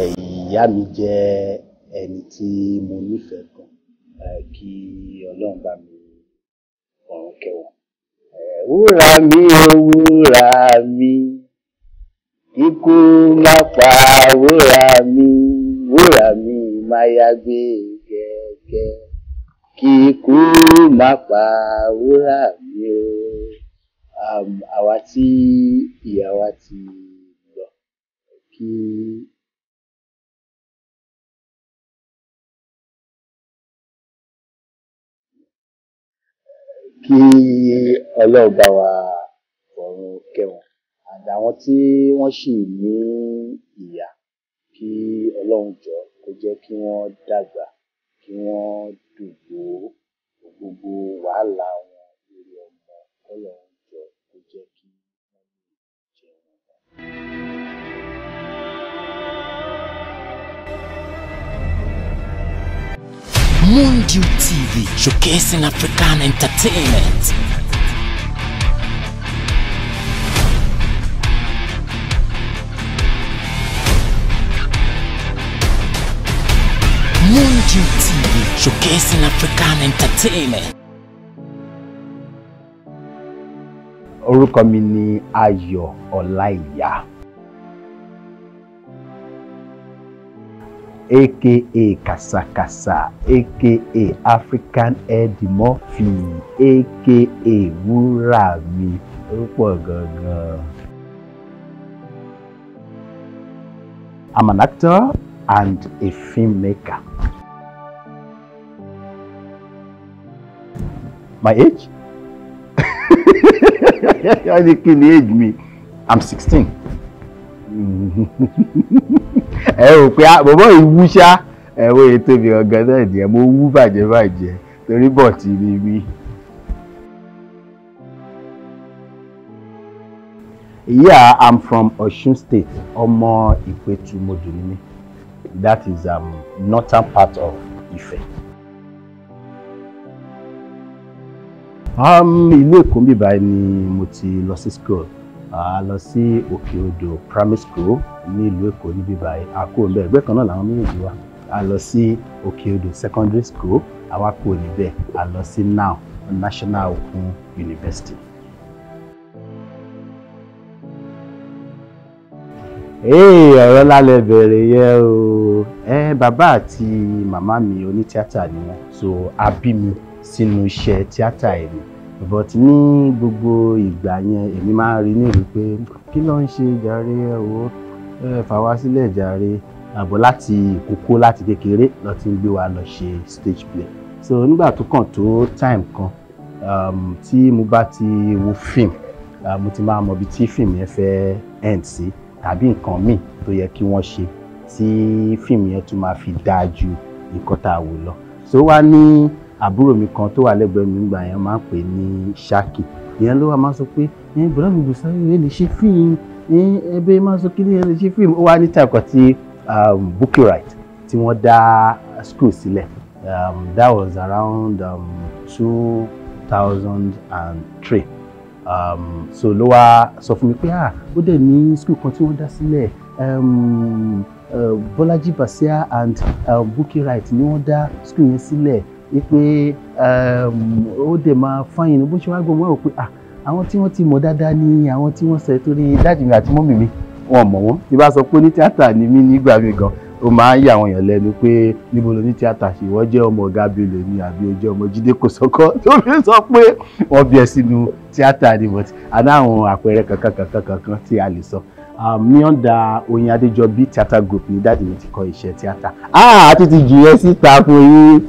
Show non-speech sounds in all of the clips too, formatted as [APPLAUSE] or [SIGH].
ìyá mi jẹ́ ẹni tí mo nífẹ̀ẹ́ gan eh, kí ọlọ́run bá mi ọ̀run kẹ́ wọn. Eh, wúrà mi ò wúrà mi ikú má pa wúrà mi wúrà mi má yágbé gẹ́gẹ́ kí ikú má pa wúrà mi o àwa tí ìyá ti lọ kí. kí ọlọ́run bá wa fọ̀run kẹwọn àtàwọn tí wọ́n sì ní ìyà kí ọlọ́run jọ kó jẹ́ kí wọ́n dàgbà kí wọ́n dùgbò gbogbo wàhálà wọn lórí ọmọ ọlọ́run. Mundiu TV, showcasing African entertainment. Mundiu TV, showcasing African entertainment. Orukomini Ayo Olaiya. aka kasakasa aka african hair demorphine aka wúrà mi ó pọ̀ gangan. I'm an actor and a filmmaker. My age? I [LAUGHS] think the age me. I'm 16. [LAUGHS] ẹ rò pé bọ̀bọ̀ ìwú ṣá ẹ̀wọ́ ètò mi ọ̀gán náà nìyẹn mo wú bàjẹ́ bàjẹ́ torí bọ̀ tí mi mi. Yeah, I'm from Osun State ọmọ Ìpẹ̀tù Mòdù ni mí that is um, northern part of Ife. Um, ìlú Èkó bíbáyìí ni mo ti lọ sí school a lọ sí òkè odò primary school ní ìlú èkó níbí báyìí a kúrò níbẹ̀ ẹgbẹ́ kan náà làwọn méjèèjì wa a lọ sí òkè odò secondary school àwa kúrò níbẹ̀ a lọ sí now national Okun university. ọ̀rọ̀ lálẹ́ bẹ̀rẹ̀ yẹn o ẹ bàbá àti màmá mi oní tíátà ni wọ́n so a bí mi sínú iṣẹ́ tíátà ẹ̀ mi but ní gbogbo ìgbà yẹn èmi máa ń rí ní ìlú pé kí ló ń ṣe jàre ẹ wò jàre àbọ̀ láti ìkókó láti kékeré lọ ti ń gbé wa lọ ṣe stage play so nígbà tó kàn tó time kan um, tí mo bá ti wo fíìmù uh, mo ti máa mọ ibi tí fíìmù yẹn fẹ́ end sí tàbí nǹkan míì tó yẹ kí wọ́n ṣe tí fíìmù yẹn tún máa fi dáa ju nǹkan tá a wò lọ so wá ní àbúrò mi kan tó wà lẹ́gbẹ̀ẹ́ mi gbà yẹn máa ń pè ní ṣáàkì ìyẹn ló wà máa sọ pé ẹ bùrọ̀ mi bù sáré lè ṣe fíìmù ẹ ẹbẹ máa sọ kí ni ẹ lè ṣe fíìmù ó wá ní tàkọ tí um, Bukky Wright tí wọ́n dá school sílẹ̀ um, that was around um, two thousand and three um, so ló wá sọ fún mi pé ah ó dẹ̀ ní school kan tí wọ́n dá sílẹ̀ um, uh, Bọ́lájí Bàṣíà and um, Bukky Wright ni wọ́n dá school yẹn sílẹ̀ pé ehm, ó dẹ̀ máa fáyìn ní bó ṣe wá gbọ́n wọ́n pé ah, àwọn tí wọ́n ti mọ̀ dáadáa ni àwọn tí wọ́n ṣe torí dáàdì mi àti mọ́mì mi wọn mọ̀ wọ́n tí bá sọ pé ní tíátà ni mí nígbà mi gan ó máa ń yà àwọn èèyàn lẹ́nu pé níbo ló ní tíátà ṣe wọ́n jẹ́ ọmọ ọ̀gá abiyolè ni àbí ojú ọmọ jíde kò sọ́kọ́ [LAUGHS] tó fi sọ pé wọ́n bí ẹ sínú tíátà ni but aláwọn àpẹẹrẹ kankan kankan kankan tí a lè sọ um, ní ọ̀dà Oyin Adéjọbí theatre group ni dáàdì mi ti kọ́ iṣẹ́ tíátà. Ah, a ti ti jù yẹn síta fún yín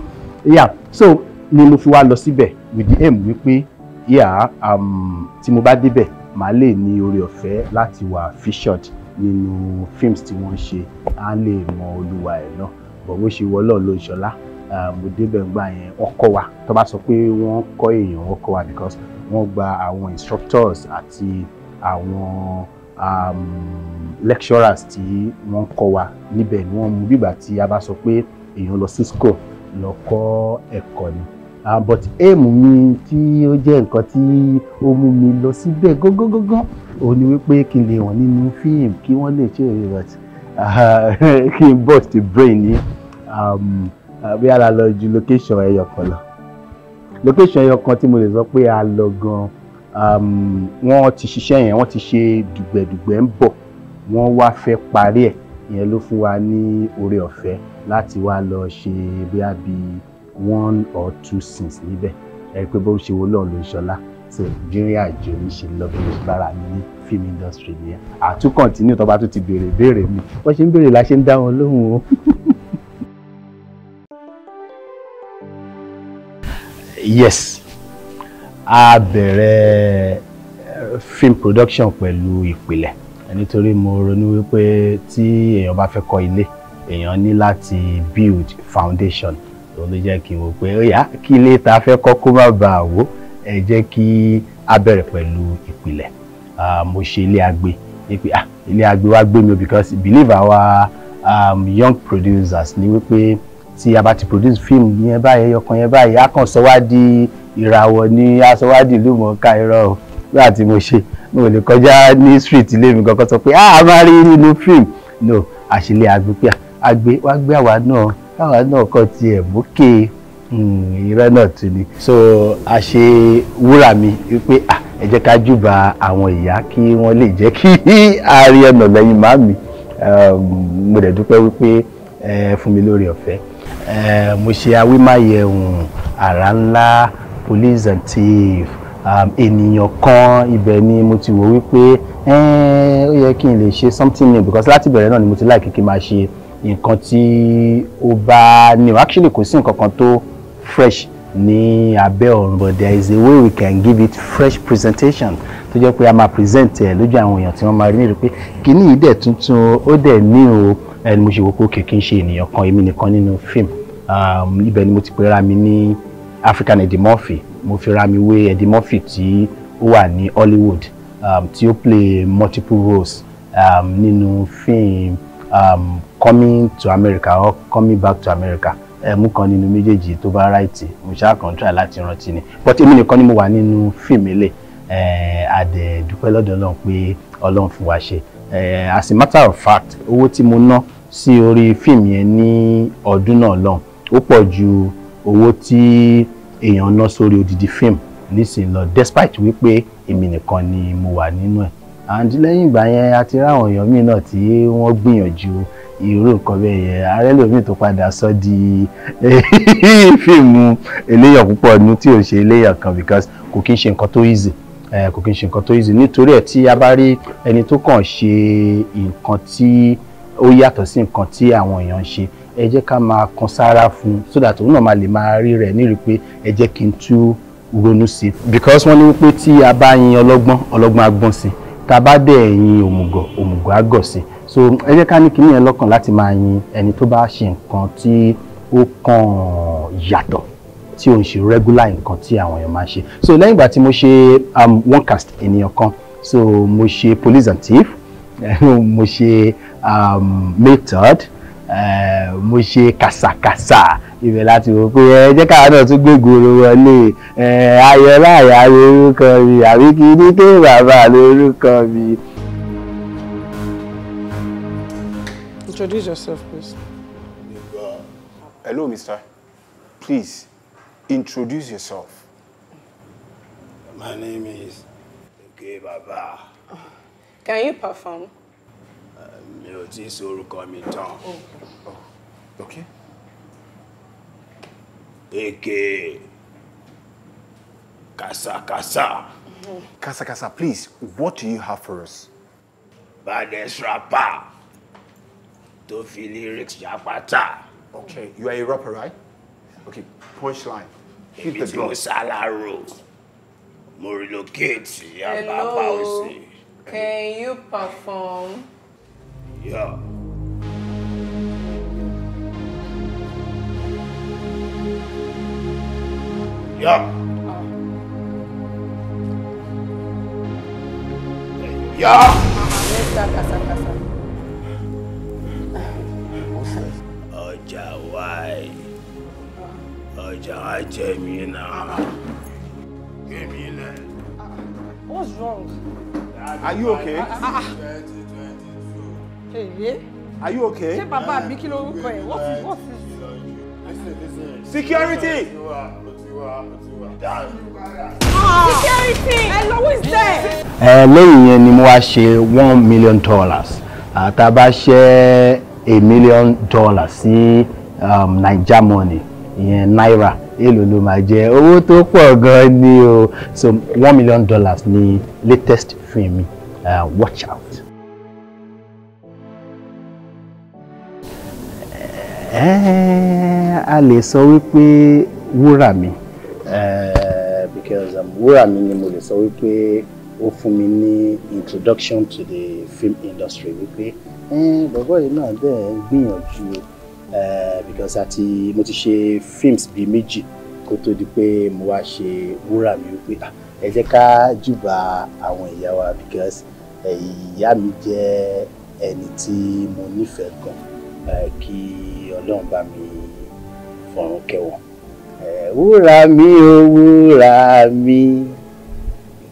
yeah so ni mo fi wá lọ síbẹ̀ with the aim wípé yeah um, tí mo bá débẹ̀ màá lè ní oore ọ̀fẹ́ láti wà featured nínú films tí wọ́n ṣe á lè mọ olúwa ẹ̀ náà bọ̀ bó ṣe wọlọ́ ló ń ṣọlá um, mo débẹ̀ gbà yẹn ọkọ wa tó bá sọ pé wọ́n kọ́ èèyàn ọkọ wa because wọ́n gba àwọn instructors àti àwọn um, lecturers tí wọ́n kọ́ wa níbẹ̀ ni wọ́n mú bígbà tí a bá sọ pé èèyàn lọ sí school lọ kọ́ ẹ̀kọ́ ni but aim mi tí ó jẹ́ nǹkan tí ó mú mi lọ síbẹ̀ gángan òun ni wípé kí n lè wọ̀n nínú fíìmù kí wọ́n lè ṣe èrè rẹ̀ [LAUGHS] kí n bust the brain ní bí a lọ ju location ẹyọ kan lọ location ẹyọ kan tí mo lè sọ pé a lọ gan wọ́n ti ṣiṣẹ́ yẹn wọ́n ti ṣe dùgbẹ̀dùgbẹ̀ ń bọ̀ wọ́n wá fẹ́ parí ẹ̀ ìyẹn ló fún wa ní oore ọ̀fẹ́ láti wá lọ ṣe bíá bí one or two sins níbẹ̀ ẹ pé bó ṣe wo lọ́ọ̀ ló ń ṣọlá so Nigeria ìjọ ní ṣe lọ bí bára mi ní film industry nìyẹn àtún continue tó bá tún ti béèrè béèrè mi wọ́n ṣe ń béèrè la ṣe ń dá wọn lóhùn o. [LAUGHS] yes a bẹ̀rẹ̀ eh, film production pẹ̀lú ìpìlẹ̀ nítorí mo ronú wípé tí èèyàn bá fẹ́ kọ́ ilé èèyàn ní láti build foundation tó ló jẹ́ kí n wò pé ó yá kí ilé ta fẹ́ kọ́ kó má bàa wó ẹ jẹ́ kí a bẹ̀rẹ̀ pẹ̀lú ìpìlẹ̀ mo ṣe ilé agbe ní pé ah ilé agbe wa gbé mi o because believe our um, young producers ni wípé tí a bá ti produce film yẹn báyìí ọkàn yẹn báyìí a kàn sọ wá di ìràwọ̀ ni a sọ wá di ìlú mọ̀ọ́ká irọ́ o nígbà tí mo ṣe mo lè kọjá ní street ilé mi kankan sọ pé ah a máa rí nínú film no àṣìlẹ̀ àgbẹ̀ pé ah àgbé wá gbé àwa náà káwa náà kọ́ tiẹ̀ mókè ìrẹ́ hmm, náà tún ni. so a ṣe wúrà mi wípé ẹ jẹ́ ká júbà àwọn ìyá kí wọ́n lè jẹ́ kí àárí ẹ̀nà lẹ́yìn màmí um, mo dẹ̀ dúpẹ́ wípé ẹ fún mi lórí ọ̀fẹ́ mo ṣe awímáyẹ̀wùn àrà ńlá police and thief um, ènìyàn kan ibẹ̀ ni mo ti wò wípé ó yẹ kí n lè ṣe something new because láti bẹ̀rẹ̀ náà ni mo ti láì kíkí máa ṣe nǹkan tí ó bá ní actually kò sí nǹkan tó fresh ní abẹ́ ọ̀run but there is a way we can give it fresh presentation tó jẹ́ pé a máa present ẹ̀ lójú àwọn èèyàn tí wọ́n máa rí nílùú pé kíní yìí dẹ̀ tuntun ó dẹ̀ ní o ẹni mo ṣe wò pé kìkì ń ṣe ènìyàn kan èmi nìkan nínú fíìmù um, ibẹ̀ ni mo ti pera mi ní African Eddie Murphy mo fi ra mi wé Eddie tí ó wà ní Hollywood um, tí ó play multiple roles um, nínú fíìmù um, coming to America or coming back to America ẹ̀mú kan nínú méjèèjì tó bá ráìtì mo ṣáà kàn try láti rántí ni but èmi nìkan ni mo wà nínú fíìmù ilé àdẹ̀ eh, dúpẹ́ lọ́dọ̀ ọlọ́run pé ọlọ́run fún wa ṣe eh, as a matter of fact owó tí mo ná sí orí fíìmù yẹn ní ọdún náà lọ́hùn ó pọ̀ ju owó tí èèyàn ná sórí odidi fíìmù nísìnyí lọ despite wípé èmi nìkan ni mo wà nínú ẹ̀ and lẹ́yìn ìgbà yẹn a ti ráwọn èèyàn míì náà tí wọ́n gbìyànjú irú nǹkan bẹ́ẹ̀ yẹn ààrẹ lòmíì tó padà sọ di [LAUGHS] fíìmù eléyàn púpọ̀ ní tí ò ṣe eléyàn kan because kò kí ń ṣe nǹkan tó easy kò kí ń ṣe nǹkan tó easy nítorí ẹ̀ tí a bá rí ẹni tó kàn ṣe nǹkan tí ó yàtọ̀ sí nǹkan tí àwọn èèyàn ń ṣe ẹ jẹ́ ká máa kan sára fún un so that òun náà máa lè máa rí rẹ̀ ní rí pé ẹ jẹ́ kí n tú ronú sí i because wọ́n ní wípé tí a bá yin ọlọ́gbọ́n ọlọ́gbọ́n á gbọ́n sí i tàbá dẹ̀ yin òmùgọ̀ òmùgọ̀ àgọ̀ so ẹ jẹ́ ká ní kíní yẹn lọ́kàn láti máa yin ẹni tó bá ṣe nǹkan tí ó kàn yàtọ̀ tí ò ń ṣe regular nǹkan tí àwọn èèyàn máa ṣe so lẹ́yìn ìgbà tí mo ṣe um, one cast ènìyàn kan so mo ṣe police and thief [LAUGHS] mo ṣe um, method mo ṣe kàsàkàsà ibẹ̀ láti wò pé ẹ jẹ́ káwa náà tún gbégboro wọlé ayọ̀lá àyà lórúkọ mi àbí kí tó bàbá lórúkọ mi. Introduce yourself, please. Hello, mister. Please, introduce yourself. My name is Baba. Can you perform? mi ò tí ì sọ orúkọ mi tán. èké kàsàkàsà. kàsàkàsà please what do you have for us. baddest rapper tó fi lyrics yapata. okay you are a rapper right. okay punchline. hit the drum. èmi tí mo ṣàlàrò mo relocate Hello. can you perform. Ja. Ja. Ja. Ọjà wáyé, ọjà wá jẹ́ mi náà. Give me that. What's wrong? Are you okay? Ah, ah. Are you okay? Ṣé bàbá àbí kí lorúkọ ẹ̀? What's his what's his? Security! Security! Hello, who is there? Ẹ lẹ́yìn yẹn ni mo wá ṣe one million dollars. Àtàbá ṣẹ́ a million dollars sí um, Naija money ìyẹn náírà èlò ló máa jẹ owó tó pọ̀ gan ni o so one million dollars ni latest film mi uh, watch out. a lè sọ wípé wúrà mi because um, wúrà mi ni mo lè sọ wípé ó fún mi ní introduction to the film industry wípé bọ̀bọ̀ yìí náà dẹ̀ ń gbìyànjú because àti mo ti ṣe films bíi méjì kó tó di pé mo wá ṣe wúrà mi wípé ah, ẹ jẹ́ ká júbà àwọn ìyá wa because ìyá mi jẹ́ ẹni tí mo nífẹ̀ẹ́ gan kí ọlọ́run bá mi fọ̀run kẹwọ̀n. wúrà mi ò wúrà mi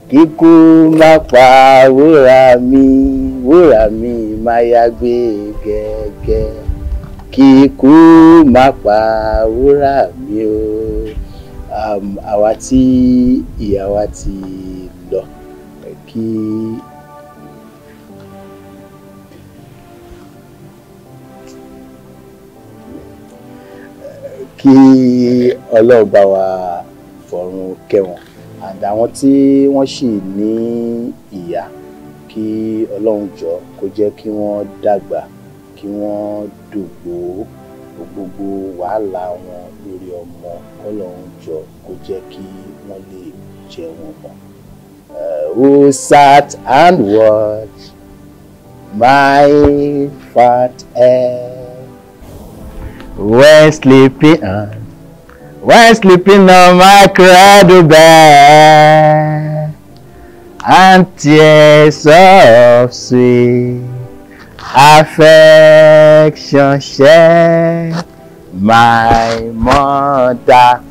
kíkú má pa wúrà mi wúrà mi má yàgbé gẹ́gẹ́ kíkú má pa wúrà mi o àwa tí ìyá ti lọ kí kí ọlọ́run bá wa fọ̀run kẹwọn àdá tí wọ́n sì ní ìyá kí ọlọ́run jọ kó jẹ́ kí wọ́n dàgbà kí wọ́n dògbò gbogbo wàhálà wọn lórí ọmọ kọlọ́run jọ kó jẹ́ kí wọ́n lè jẹ wọn mọ́. Uh, who sat and watched my fat ass. We're sleeping on, when sleeping on my cradle bed, and tears of sweet affection shed, my mother.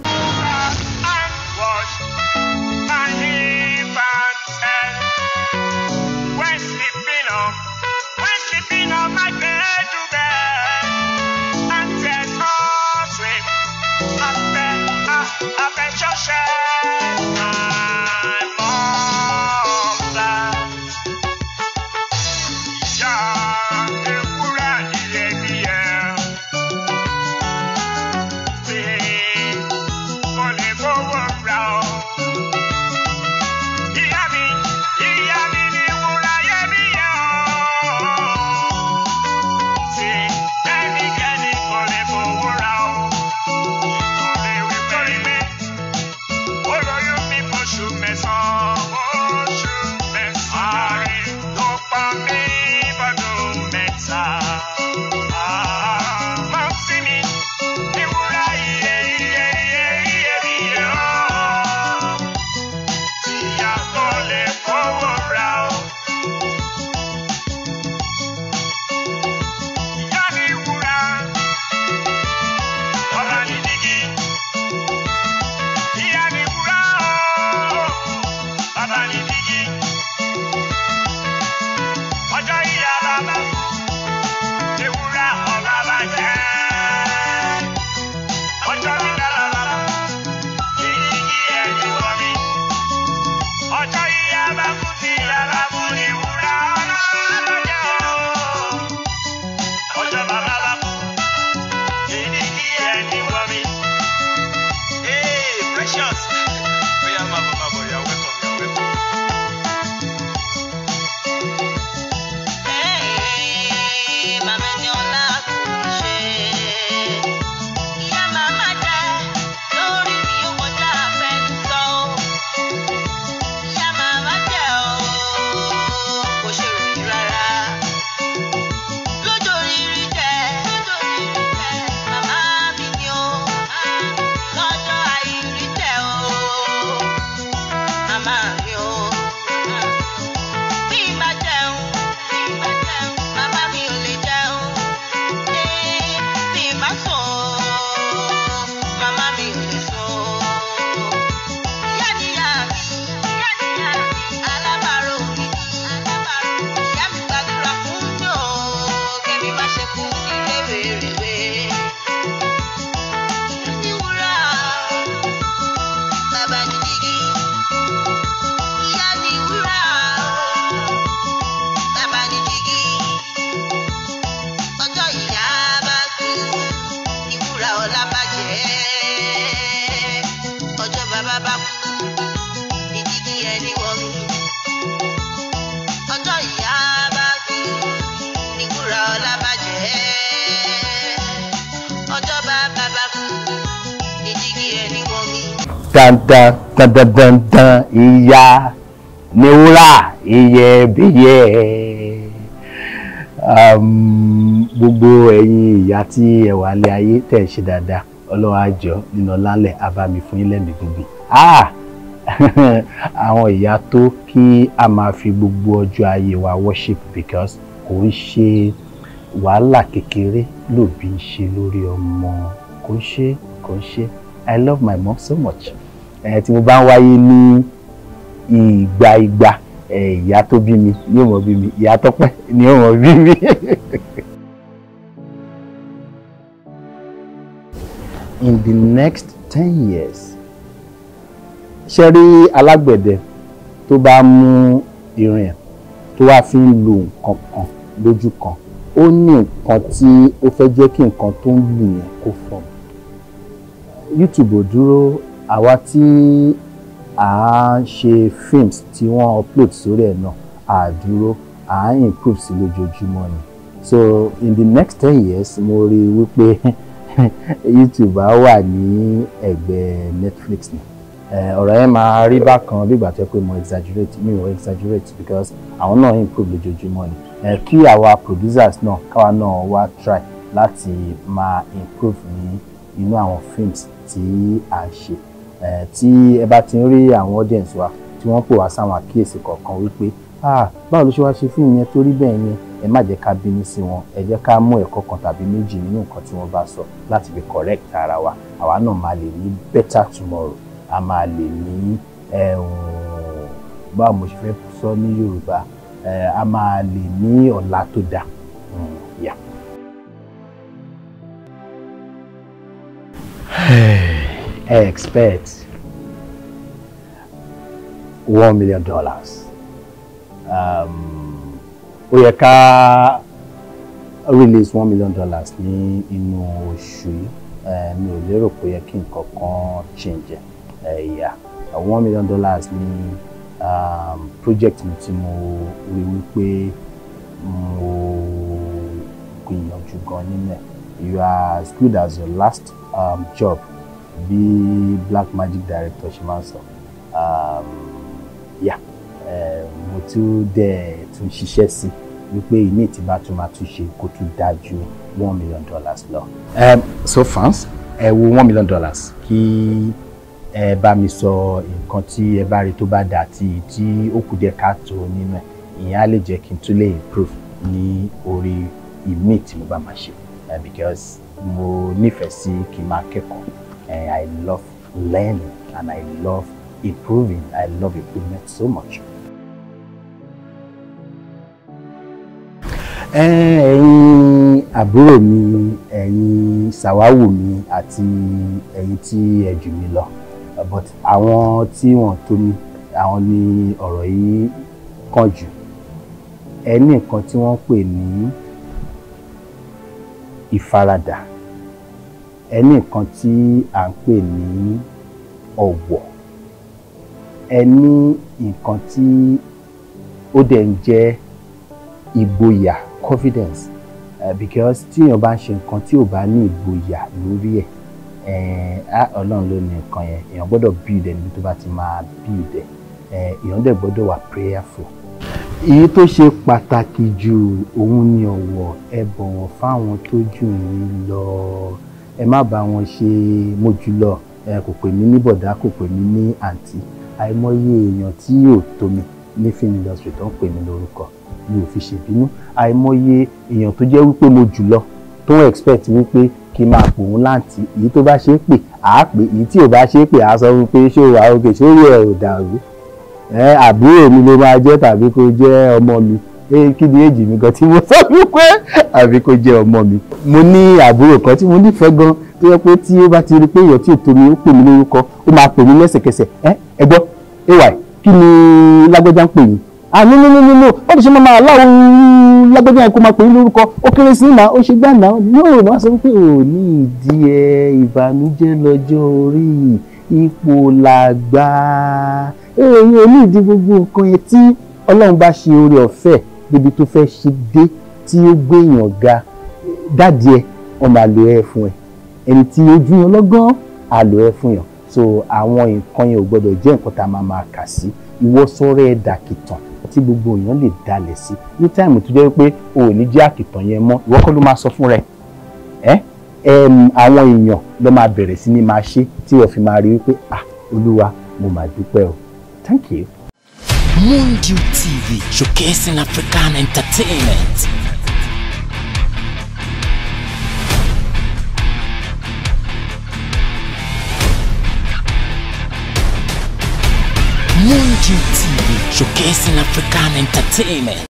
ọlábàjẹ́ ọjọ́ bá bàbá kú ìjìgì ẹni wọ́n mi. dandan dandan dandan ìyá ni wúrà iyebíye um, gbogbo ẹ̀yin ìyá tí ẹ wà lé ayé tẹ̀ ṣe dáadáa ọlọ́wọ́ àjọ nínú ọlálẹ̀ abami fún yín lẹ́mìí gbogbo ah! [LAUGHS] àwọn ìyá tó kí a máa fi gbogbo ọjọ́ ayé wa worship because kò ń ṣe wàhálà kékeré lòbí ń ṣe lórí ọmọ kò ń ṣe kò ń ṣe i love my mom so much ẹ tí mo bá ń wáyé ní ìgbà ìgbà ìyá tó bí mi ni ó mọ bí mi ìyá tọ́pẹ́ ni ó mọ bí mi. [LAUGHS] in the next ten years ṣe rí alágbẹ̀dẹ tó bá mú irin ẹ̀ tó wá fi ń lo nǹkan kan lójú kan ó ní nǹkan tí ó fẹ́ jẹ́ kí nǹkan tó ń lù yẹn kó fọ́ YouTube ò dúró àwa tí à ń ṣe films tí wọ́n upload sórí ẹ̀ náà à dúró à ń improve sí lójoojúmọ́ ni so in the next ten years mo rí i wípé [LAUGHS] YouTube á wà ní ẹ̀gbẹ́ Netflix ni eh, ọ̀rọ̀ yẹn máa rí bákan bí ìgbà tó yẹ pé mo exaggerate mi ò exaggerate because àwọn náà improve lójoojúmọ́ ni ẹ kí àwa producers náà káwa náà wá try láti máa improve ní inú àwọn films tí à ń ṣe tí ẹ bá ti ń rí àwọn audience wa tí wọ́n pè wá sáwọn àkíyèsí kọ̀ọ̀kan wípé ah báwo ló ṣe wá ṣe fíìmù yẹn torí bẹ́ẹ̀ yẹn ẹ má jẹ́ ká bínú sí wọn ẹ jẹ́ ká mú ẹ̀kọ́ kan tàbí méjì nínú nǹkan tí wọ́n bá sọ láti fi correct ara wa àwa náà máa lè ní better tomorrow a máa lè ní báwo mo ṣe fẹ́ sọ ní Yorùbá a máa lè ní ọ̀la tó dáa. I hmm, expect one million dollars. Um, ó yẹ ká release one million dollars ní inú oṣù yìí mi ò lérò pé ó yẹ kí nǹkan kan change ẹ̀ one million dollars ní. Ni um, project mi tí mo rí wípé mo gbìyànjú gan nílẹ̀ you are as good as your last um, job bí black magic director ṣe máa ń sọ um, yà eh, mo tún dẹ̀ tún ṣiṣẹ́ sí i wípé ìmí tí bá tún máa tún ṣe kó tún dáa ju one million dollars lọ. Um, so fans ẹ wo one million dollars kí. Kí ẹ bá mi sọ nǹkan tí ẹ bá rí tó bá dà àti tí ó kù díẹ̀ káàtó nínú ẹ̀ ìyẹn á lè jẹ́ kí n tún lè improve ní orí ìmí tí mo bá máa ṣe uh, because mo nífẹ̀ẹ́ sí kí n máa kẹ́kọ̀ọ́ I love learning and I love improving I love improvement so much. ẹ̀yin àbúrò mi ẹ̀yin ṣàwáwò mi àti ẹ̀yin tí ẹ jù mí lọ but àwọn tí wọ́n tó mi àwọn ni ọ̀rọ̀ yìí kàn jù ẹni nǹkan tí wọ́n pè ní ìfaradà ẹni nǹkan tí à ń pè ní ọ̀wọ̀ ẹni nǹkan tí ó dẹ̀ ń jẹ́ ìgboyà confidence uh, because tíyàn bá ń ṣe nǹkan tí ò bá ní ìgboyà lórí ẹ̀ Eh, ah, ọlọ́run ló ní nǹkan yẹn èèyàn gbọ́dọ̀ build ẹ níbi tó bá ti máa build ẹ eh, èèyàn dẹ̀ gbọ́dọ̀ wà prayerful. èyí tó ṣe pàtàkì jù òun ni ọ̀wọ̀ ẹ bọ̀wọ̀ fáwọn tó jù yín lọ ẹ má bá wọn ṣe mójúlọ ẹ eh, kò pè mí ní bọ̀dá kò pè mí ní àǹtí àìmọye èèyàn tí yóò tó mi ní film industry tó ń pè mí lórúkọ mi ò fi ṣèbínú àìmọye èèyàn tó jẹ́ wípé mo jù lọ tó ń expect wípé kí n máa pò ń láǹtì èyí tó bá ṣe é pè á pè èyí tí ò bá ṣe é pè á sọ wípé ṣé o wà òkè ṣé orí ẹ ò dàrú ẹ àbúrò mi ló máa jẹ́ tàbí kó jẹ́ ọmọ mi kí ni èjì mi gan tí mo [LAUGHS] sọ wípé àbí kó jẹ́ ọmọ mi. mo ní àbúrò kan tí mo nífẹ̀ẹ́ gan tó yẹ pé tí ó bá ti rí pé èèyàn tí ò tó mi ó pè mí lórúkọ ó máa pè mí lẹ́sẹ̀kẹsẹ̀ ẹ ẹ ay kí ni lágbájá ń pè yín àní nínú nínú ó ti ṣe máa aláwo lágbẹ́bí àìkú máa pè é lórúkọ ó kéré sí ìmọ̀ ó ṣe gbàǹdà yóò wá sọ pé ò ní ìdí ẹ ìbànújẹ́ lọ́jọ́ orí ipò làgbà èyí ò ní ìdí gbogbo nǹkan yẹn tí ọlọ́run bá ṣe oore ọ̀fẹ́ débi tó fẹ́ ṣe dé tí ó gbé èèyàn ga dáàdì ẹ wọn máa lo ẹ fún ẹ ẹni tí ojú yẹn lọ́gán á lo ẹ fún yàn so àwọn nǹkan yẹn ò gbọdọ̀ jẹ́ nǹkan tá a máa máa kà sí ìwọ́sọ́rẹ́ ẹ̀dà kìtàn tí gbogbo èèyàn lè dalẹ̀ sí ní táìmù tó jẹ́ pé o ò ní jẹ́ àkìtàn yẹn mọ́ ìwọ kọ́ ló máa sọ fún rẹ ẹ àwọn èèyàn ló máa bẹ̀rẹ̀ sí ní máa ṣe tí wọ́n fi máa rí wípé ah olúwa mo máa dúpẹ́ o thank you. Moondew TV showcasing African entertainment. Moondew TV. showcasing African entertainment.